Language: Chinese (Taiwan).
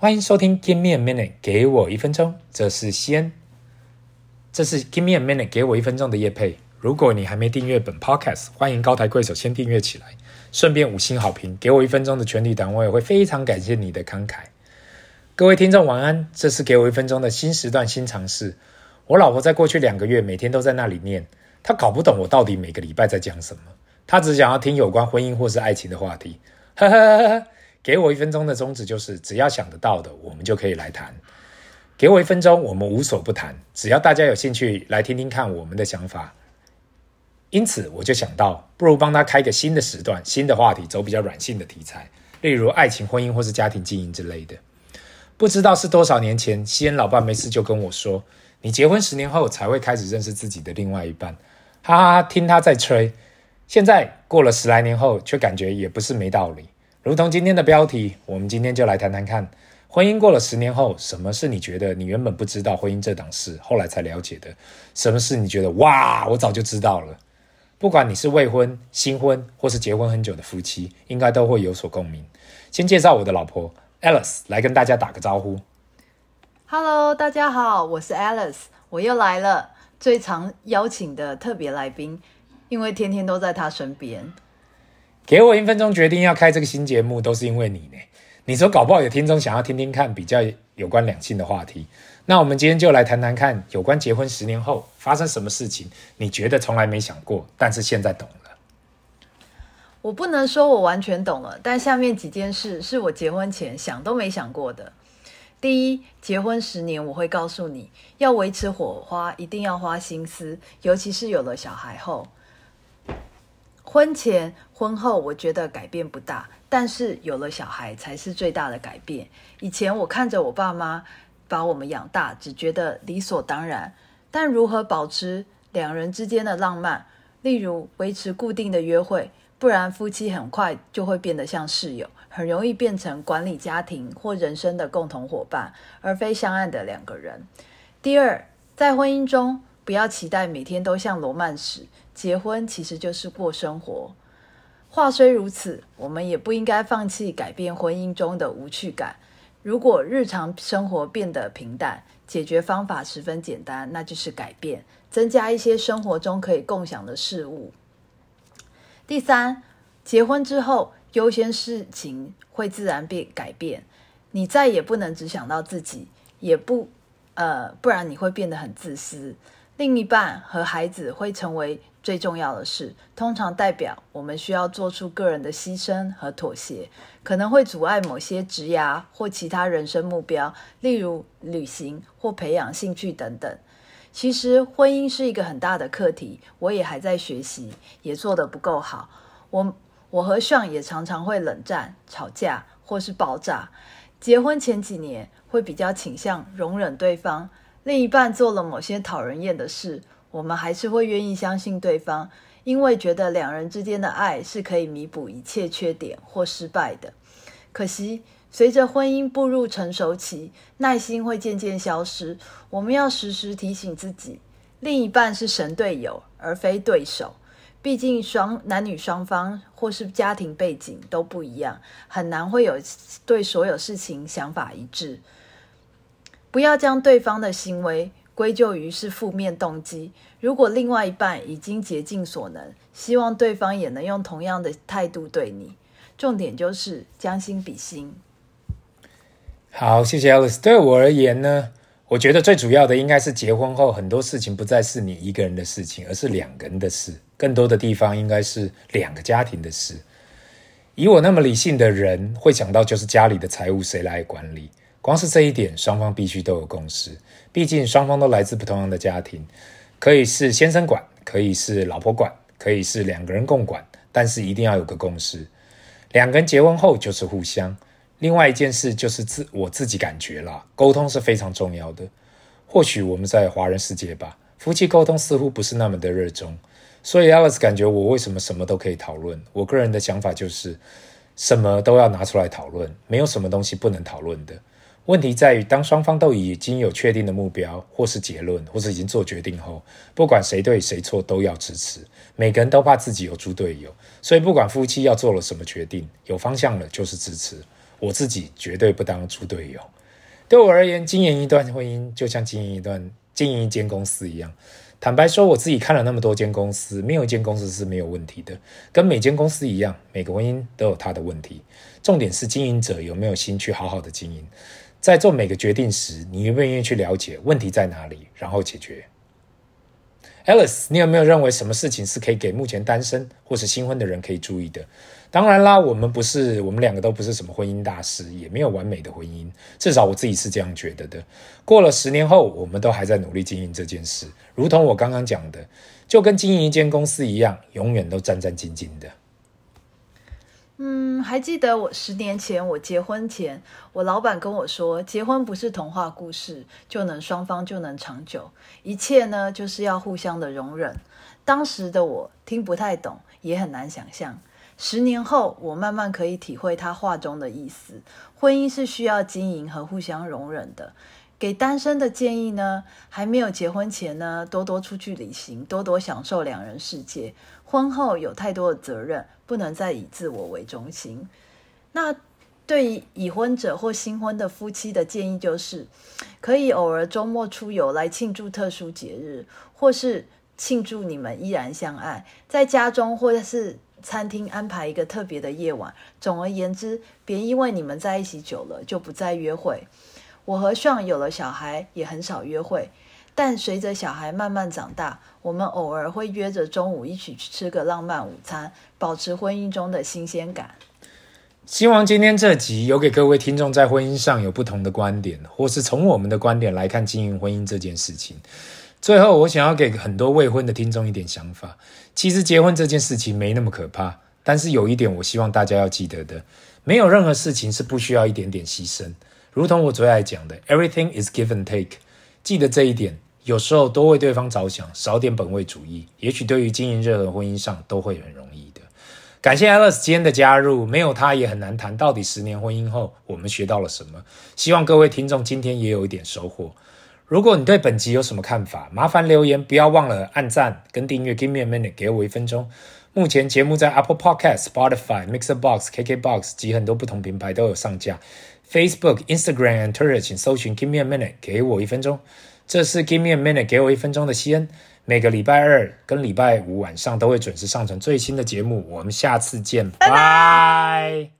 歡迎收聽 Give Me a Minute，給我一分鐘。這是西恩，這是 Give Me a Minute，給我一分鐘的業配。如果你還沒訂閱本 podcast，歡迎高抬貴手先訂閱起來，順便五星好評，給我一分鐘的全體黨，我也會非常感謝你的慷慨。各位聽眾晚安，這是給我一分鐘的新時段新嘗試。我老婆在過去兩個月每天都在那裡念，她搞不懂我到底每個禮拜在講什麼，她只想要聽有關婚姻或是愛情的話題。哈哈哈哈給我一分鐘的宗旨就是，只要想得到的，我們就可以來談。給我一分鐘，我們無所不談。只要大家有興趣來聽聽看我們的想法。因此，我就想到，不如幫他開個新的時段、新的話題，走比較軟性的題材，例如愛情、婚姻或是家庭經營之類的。不知道是多少年前，西恩老爸沒事就跟我說：“你結婚十年後才會開始認識自己的另外一半。”哈哈哈，聽他在吹。現在過了十來年後，卻感覺也不是沒道理。如同今天的標題，我們今天就來談談看，婚姻過了十年後，什麼是你覺得你原本不知道婚姻這檔事，後來才了解的？什麼是你覺得哇，我早就知道了？不管你是未婚、新婚或是結婚很久的夫妻，應該都會有所共鳴。先介紹我的老婆 Alice 來跟大家打個招呼。Hello，大家好，我是 Alice，我又來了，最常邀請的特別來賓，因為天天都在他身邊。給我一分鐘，決定要開這個新節目，都是因為你呢。你說搞不好有聽眾想要聽聽看，比較有關兩性的話題。那我們今天就來談談看，有關結婚十年後發生什麼事情？你覺得從來沒想過，但是現在懂了。我不能說我完全懂了，但下面幾件事是我結婚前想都沒想過的。第一，結婚十年，我會告訴你要維持火花，一定要花心思，尤其是有了小孩後。婚前婚後，我覺得改變不大，但是有了小孩才是最大的改變。以前我看着我爸媽把我們養大，只覺得理所當然。但如何保持兩人之間的浪漫？例如維持固定的約會，不然夫妻很快就會變得像室友，很容易變成管理家庭或人生的共同夥伴，而非相愛的兩個人。第二，在婚姻中不要期待每天都像羅曼史。結婚其實就是過生活。話雖如此，我們也不應該放棄改變婚姻中的無趣感。如果日常生活變得平淡，解決方法十分簡單，那就是改變，增加一些生活中可以共享的事物。第三，結婚之後優先事情會自然變改變，你再也不能只想到自己，也不呃，不然你會變得很自私。另一半和孩子會成為最重要的是，通常代表我們需要做出個人的犧牲和妥協，可能會阻礙某些職涯或其他人生目標，例如旅行或培養興趣等等。其實，婚姻是一個很大的課題，我也還在學習，也做得不夠好。我我和尚也常常會冷戰、吵架或是爆炸。結婚前幾年會比較傾向容忍對方，另一半做了某些討人厭的事。我們還是會願意相信對方，因為覺得兩人之間的愛是可以彌補一切缺點或失敗的。可惜，隨着婚姻步入成熟期，耐心會漸漸消失。我們要時時提醒自己，另一半是神隊友而非對手。畢竟雙，雙男女雙方或是家庭背景都不一樣，很難會有對所有事情想法一致。不要將對方的行為。歸咎於是負面動機。如果另外一半已經竭盡所能，希望對方也能用同樣的態度對你，重點就是將心比心。好，謝謝 Alice。對我而言呢，我覺得最主要的應該是結婚後很多事情不再是你一個人的事情，而是兩個人的事，更多的地方應該是兩個家庭的事。以我那麼理性的人，會想到就是家裡的財務誰來管理。光是這一點，雙方必須都有共識。畢竟雙方都來自不同樣的家庭，可以是先生管，可以是老婆管，可以是兩個人共管，但是一定要有個共識。兩個人結婚後就是互相。另外一件事就是自我自己感覺啦，溝通是非常重要的。或許我們在華人世界吧，夫妻溝通似乎不是那麼的熱衷。所以 Alice 感覺我為什麼什麼都可以討論？我個人的想法就是，什麼都要拿出來討論，沒有什麼東西不能討論的。問題在於，當雙方都已經有確定的目標，或是結論，或是已經做決定後，不管誰對誰錯，都要支持。每個人都怕自己有豬隊友，所以不管夫妻要做了什麼決定，有方向了就是支持。我自己絕對不當豬隊友。對我而言，經營一段婚姻就像經營一段經營一間公司一樣。坦白說，我自己看了那麼多間公司，沒有一間公司是沒有問題的。跟每間公司一樣，每個婚姻都有它的問題。重點是經營者有沒有心去好好的經營。在做每個決定時，你願不願意去了解問題在哪裡，然後解決？Alice，你有沒有認為什麼事情是可以給目前單身或是新婚的人可以注意的？當然啦，我們不是，我們兩個都不是什麼婚姻大師，也沒有完美的婚姻，至少我自己是這樣覺得的。過了十年後，我們都還在努力經營這件事，如同我剛剛講的，就跟經營一間公司一樣，永遠都戰戰兢兢的。嗯，還記得我十年前我結婚前，我老闆跟我說，結婚不是童話故事就能雙方就能長久，一切呢就是要互相的容忍。當時的我聽不太懂，也很難想象。十年後，我慢慢可以體會他話中的意思。婚姻是需要經營和互相容忍的。給單身的建議呢，還沒有結婚前呢，多多出去旅行，多多享受兩人世界。婚後有太多的責任。不能再以自我為中心。那對於已婚者或新婚的夫妻的建議就是，可以偶爾周末出遊來慶祝特殊節日，或是慶祝你們依然相愛。在家中或是餐廳安排一個特別的夜晚。總而言之，別因為你們在一起久了就不再約會。我和尚有了小孩，也很少約會。但隨着小孩慢慢長大，我們偶爾會約着中午一起去吃個浪漫午餐，保持婚姻中的新鮮感。希望今天這集有給各位聽眾在婚姻上有不同的觀點，或是從我們的觀點來看經營婚姻這件事情。最後，我想要給很多未婚的聽眾一點想法：其實結婚這件事情沒那麼可怕，但是有一點我希望大家要記得的，沒有任何事情是不需要一點點犧牲。如同我最愛講的，everything is give and take，記得這一點。有時候多為對方着想，少點本位主義，也許對於經營任何婚姻上都會很容易的。感謝 Alice 今天的加入，沒有他也很難談到底十年婚姻後我們學到了什麼。希望各位聽眾今天也有一點收穫。如果你對本集有什麼看法，麻煩留言，不要忘了按讚跟訂閱。Give me a minute，給我一分鐘。目前節目在 Apple Podcast、Spotify、Mixer Box、KK Box 及很多不同平台都有上架。Facebook、Instagram and Twitter，請搜尋 Give me a minute，給我一分鐘。這是 Give me a minute，給我一分鐘的謝恩。每個禮拜二跟禮拜五晚上都會準時上傳最新的節目。我們下次見，拜拜 bye。